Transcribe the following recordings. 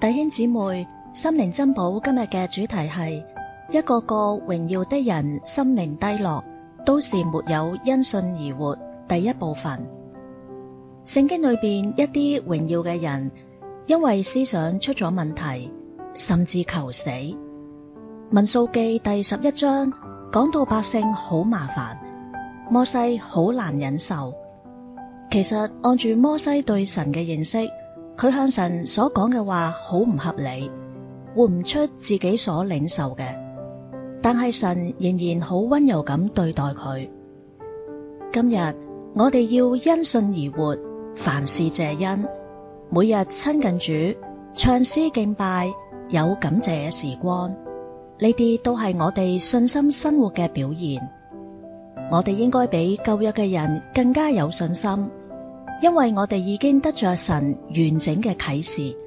弟兄姊妹，心靈珍寶今日嘅主題係一個個榮耀的人心靈低落，都是沒有因信而活。第一部分，聖經裏邊一啲榮耀嘅人，因為思想出咗問題，甚至求死。民數記第十一章講到百姓好麻煩，摩西好難忍受。其實按住摩西對神嘅認識。佢向神所講嘅話好唔合理，活唔出自己所領受嘅，但係神仍然好温柔咁對待佢。今日我哋要因信而活，凡事謝恩，每日親近主，唱詩敬拜，有感謝嘅時光，呢啲都係我哋信心生活嘅表現。我哋應該比舊約嘅人更加有信心。因為我哋已經得咗神完整嘅啟示，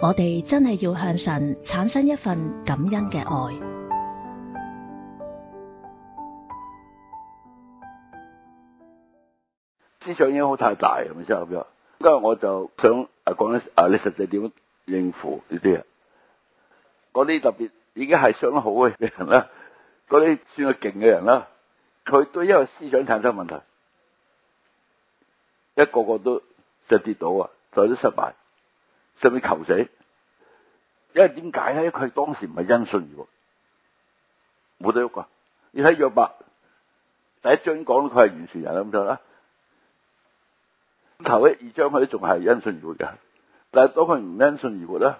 我哋真係要向神產生一份感恩嘅愛。思想已經好太大了，係咪先？咁啊，我就想啊講啊，你實際點應付呢啲啊？嗰啲特別已經係想好嘅人啦，啲算係勁嘅人啦，佢都因為思想產生問題。一個個都就跌倒啊，就都失敗，甚至求死。因為點解咧？佢當時唔係因信而活，冇得喐㗎。你睇約伯第一章講咧，佢係完全人咁樣啦。頭一二章佢都仲係因信而活嘅，但係當佢唔因信而活呢，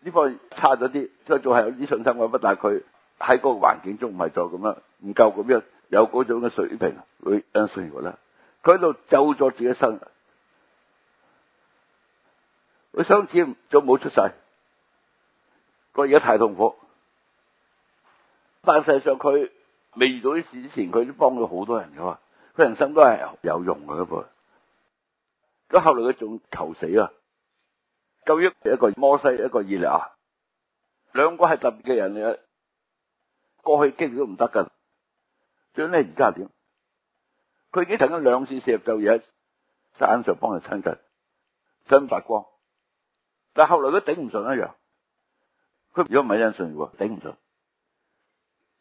呢方差咗啲，即係仲係有啲信心嘅。不，但係佢喺嗰個環境中唔係再咁樣，唔夠咁樣有嗰種嘅水平，會因信而活啦。佢喺度咒咗自己身，佢想似就冇出世，佢而家太痛苦。但事實上，佢未遇到啲事之前，佢都幫咗好多人噶嘛，佢人生都係有用㗎。一部。咁後來佢仲求死啊！究竟一個摩西，一個以利亞，兩個係特別嘅人嚟嘅，過去經歷都唔得噶。最屘而家係點？佢已經曾咗兩次四十晝夜，山上幫佢親近，身發光。但後後來都頂頂唔順一樣，佢如果唔係因信嘅話，頂唔順。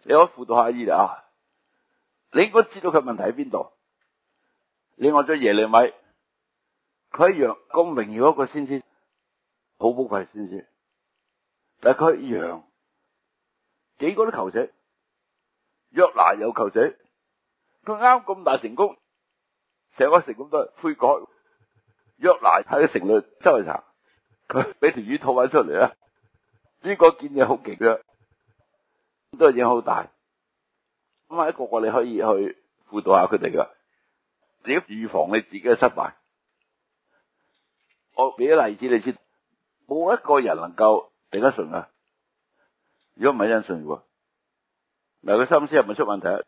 你可以輔導一下伊哋啊，你應該知道佢問題喺邊度。你按咗耶利米，佢係一樣咁榮耀一個先知，好寶貴先知。但係佢一樣，幾個都求死，約拿又求死。佢啱咁大成功，成個成功都係悔改。約拿喺成日周圍查，佢俾條魚吐翻出嚟啊！呢個見嘢好極啊，都係嘢好大。咁啊，一個個你可以去輔導下佢哋噶。自己預防你自己嘅失敗。我俾啲例子你先。冇一個人能夠頂得順啊！如果唔係因信嘅，嗱，佢心思係咪出問題？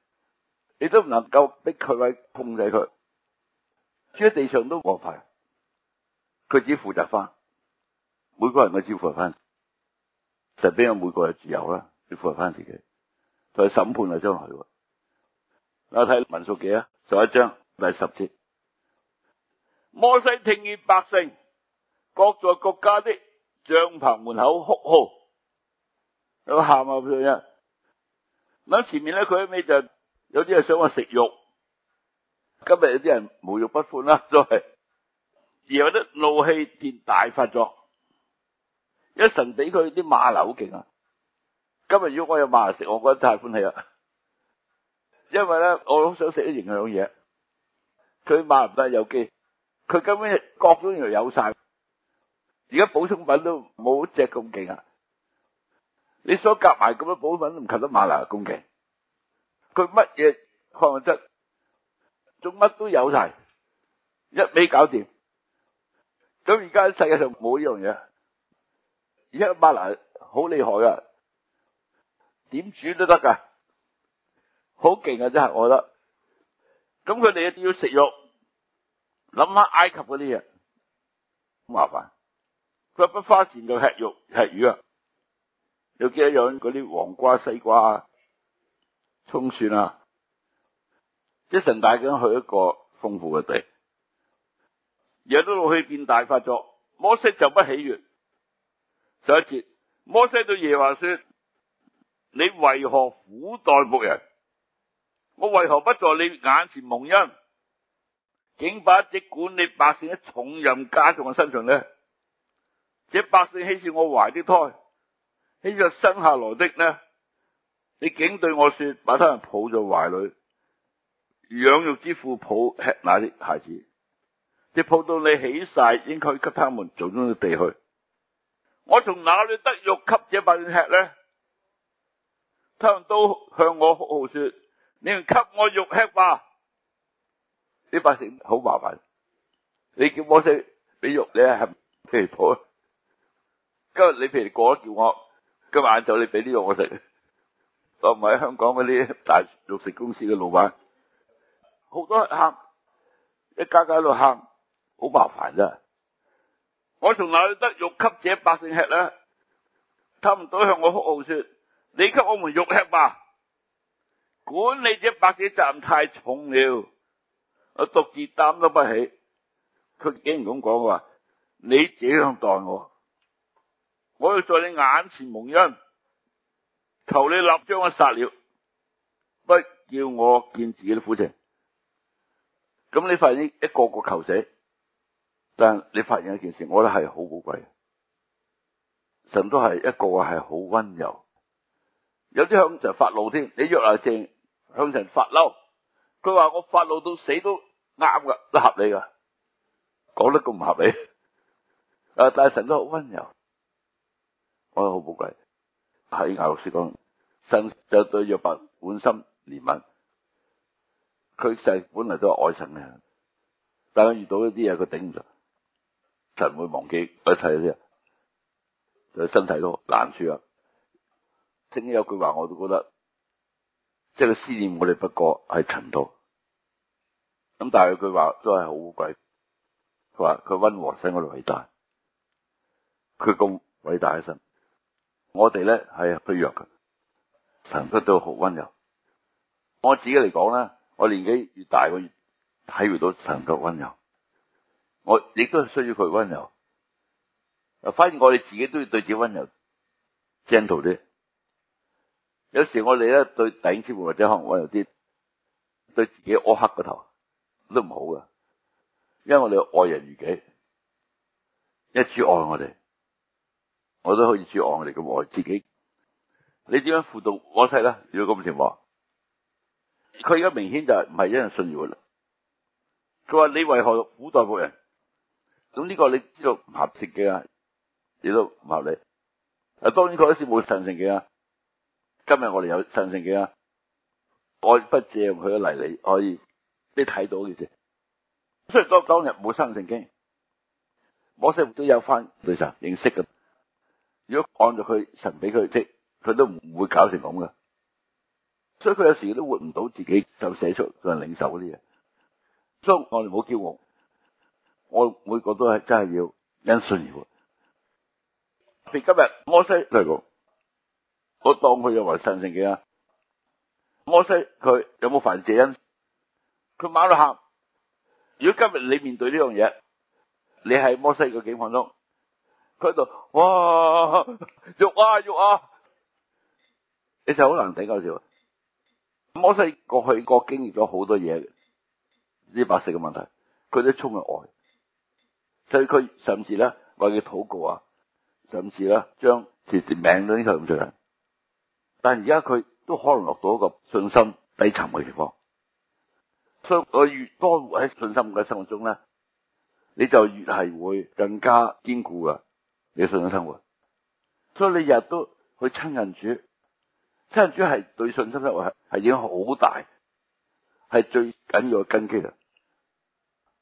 你都唔能夠逼佢去控制佢，呢啲地上都冇辦法，佢只負責翻每個人嘅招呼翻，就俾個每個人自由啦，要負責翻自己，同埋審判阿將佢。嗱，睇民數記啊，十一章第十節，摩西聽見百姓各在各家的帳棚門口哭號，有喊啊佢啊，咁前面咧佢一味就。有啲人想話食肉，今日有啲人無肉不歡啦，都係而有啲怒氣便大發作。一神俾佢啲馬流好勁啊！今日如果我有馬嚟食，我覺得太歡喜啊！因為咧，我好想食啲營養嘢，佢馬唔得有機，佢根本各種又有晒。而家補充品都冇隻咁勁啊！你所夾埋咁多補充品，唔及得馬嚟咁勁。佢乜嘢礦物質，做乜都有晒，一味搞掂。咁而家喺世界上冇呢樣嘢，而家阿拉伯好厲害噶，點煮都得噶，好勁啊，真係我覺得。咁佢哋一定要食肉，諗下埃及嗰啲嘢，好麻煩佢不花錢就吃肉吃魚啊，有幾多樣嗰啲黃瓜、西瓜啊。充算啊，即神大佢去一個豐富嘅地，惹都怒氣變大發作。摩西就不喜悅。上一節，摩西對耶和華說：你為何苦待僕人？我為何不在你眼前蒙恩？竟把只管理百姓嘅重任加在我身上呢？這百姓豈是我懷的胎，豈是我生下來的呢？你竟對我說：把他們抱在懷裏，養育之父抱吃那啲孩子，你抱到你起晒，應該給他們祖宗嘅地去。我從哪裏得肉給這百姓吃呢？他們都向我哭號說：你唔給我肉吃吧！呢百姓好麻煩，你叫我食俾肉，你係譬如抱。今日你譬如過咗，叫我今晚就你俾啲肉我食。我唔係喺香港嗰啲大肉食公司嘅老闆，好多喊，一家家都喊，好麻煩啫。我從哪裏得肉給這百姓吃咧？他們都向我哭號說：你給我們肉吃吧。管理這百姓責任太重了，我獨自擔都不起。佢竟然咁講話，你這樣待我，我要在你眼前蒙恩。求你立將我殺了，不叫我見自己嘅苦情。咁你發現一個個求死，但你發現一件事，我覺得係好寶貴。神都係一個個係好溫柔，有啲向神發怒添。你約拿正向神發嬲，佢話我發怒到死都啱㗎，都合理㗎，講得咁唔合理。誒，但係神都好溫柔，我覺得好寶貴。喺亞六書講。就對約伯滿心憐憫，佢成本嚟都係愛神嘅，但係遇到一啲嘢佢頂唔住，唔會忘記一切嗰啲，就係身體都難處啊。聽咗有句話我都覺得，即係佢思念我哋不過係塵土，咁但係佢話都係好貴，佢話佢溫和使我哋偉大，佢咁偉大嘅神，我哋咧係脆弱嘅。神都都好溫柔，我自己嚟講咧，我年紀越大，我越體會到神嘅溫柔。我亦都需要佢溫柔。發現我哋自己都要對自己溫柔 gentle 啲。有時我哋咧對頂尖或者可能有啲對自己苛刻個頭都唔好㗎，因為我哋愛人如己，一主愛我哋，我都可以主愛我哋咁愛自己。你點樣輔導我細咧？如果咁嘅情況，佢而家明顯就唔係因信而活啦。佢話，你為何苦待僕人？咁呢個你知道唔合適嘅，亦都唔合理。啊，當然佢嗰時，冇神聖經啊，今日我哋有神聖經啊，我不借佢嘅嚟你，可以你睇到嘅啫。雖然當當日冇神聖經，我細妹都有返對神認識嘅。如果按照佢神俾佢即。佢都唔會搞成咁嘅，所以佢有時都活唔到自己就寫出做領袖嗰啲嘢。所以我哋唔好驕傲，我每個都係真係要因信而活。譬如今日摩西嚟講，我當佢有神性嘅啊！摩西佢有冇犯罪因？佢馬到喊。如果今日你面對呢樣嘢，你係摩西嘅情況中，佢喺度哇肉啊肉啊！你就好難睇嗰時，我細過去經歷了很多東西，我經歷咗好多嘢，呢百事嘅問題，佢都沖入外，所以佢甚至咧為佢禱告啊，甚至咧將直接命都呢條咁出嚟。但而家佢都可能落到一個信心低沉嘅地方，所以我越多活喺信心嘅生活中咧，你就越係會更加堅固嘅你的信心生活，所以你日日都去親近主。親近主係對信心嚟話係影響好大，係最緊要嘅根基啦。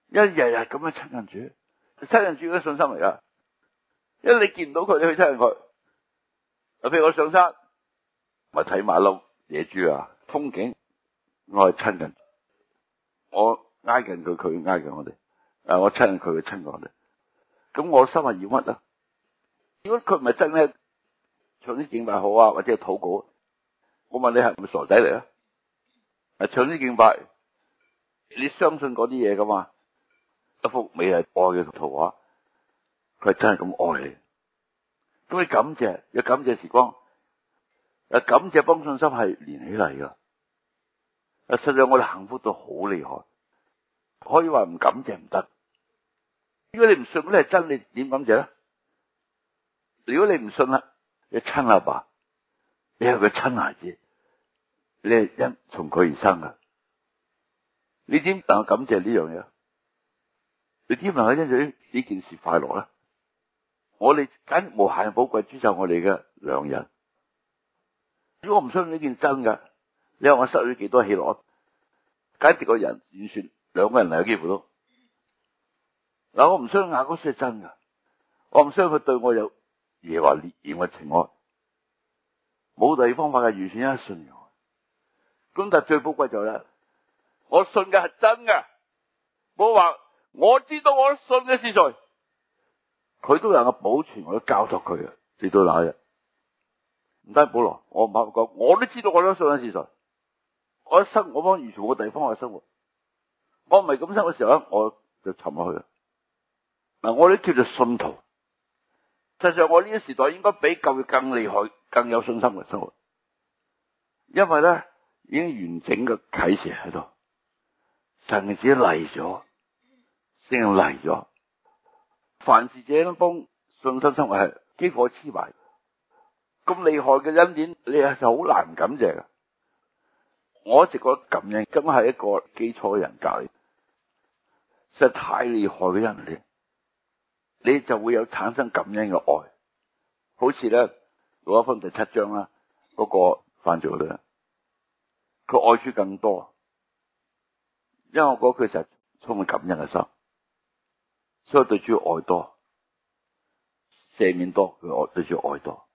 一日日咁樣親近主，親近主嘅信心嚟，因為你見唔到佢，你去親近佢。啊，譬如我上山，咪睇馬騮、野豬啊、風景。我係親近，我挨近佢，佢挨近我哋。啊，我親近佢，佢親近我哋。咁我，我，我心係要乜啊？如果佢唔係真嘅，唱啲敬拜好啊，或者禱告。我問你係唔係傻仔嚟啊？啊，唱啲敬拜，你相信嗰啲嘢噶嘛？一幅美麗愛嘅圖畫，佢係真係咁愛你，咁你感謝又感謝時光，啊，有感謝幫信心係連起嚟噶。啊，實在我哋幸福到好厲害，可以話唔感謝唔得。如果你唔信，你係真，你點感謝咧？如果你唔信啦，你親阿爸,爸。你係佢親孩子，你係因從佢而生噶，你點但我感謝呢樣嘢？你點能夠因住呢件事快樂咧？我哋簡直無限嘅寶貴，主就我哋嘅良人。如果我唔相信呢件真噶，你話我失去幾多喜樂？簡直人兩個人轉算兩個人嚟有幾乎都嗱。我唔相信嗰些真噶，我唔相信佢對我有耶和華烈焰嘅情愛。冇第二方法嘅，完全一信咗。咁但係最寶貴就咧、是，我信嘅係真嘅。我話我知道我信嘅是誰，佢都有個保存，我都教託佢嘅。直到那日，唔單保羅，我唔好講，我都知道我信嘅是誰。我一生我幫完全冇地方去生活，我唔係咁生活嘅時候咧，我就沉落去啦。嗱，我呢叫做信徒。實際上我呢啲時代應該比舊約更厲害。更有信心嘅生活，因為咧已經完整嘅啟示喺度，神子嚟咗，先嚟咗，凡事者幫信心生活係基火痴埋，咁厲害嘅恩典，你係就好難感謝嘅。我一直覺得感恩根本係一個基礎嘅人格嚟，實在太厲害嘅恩典，你就會有產生感恩嘅愛，好似咧。攞一分就七章啦，嗰、那個犯罪咧，佢愛主更多，因為我覺得佢實充滿感恩嘅心，所以對主愛多，赦免多，佢愛對主愛多。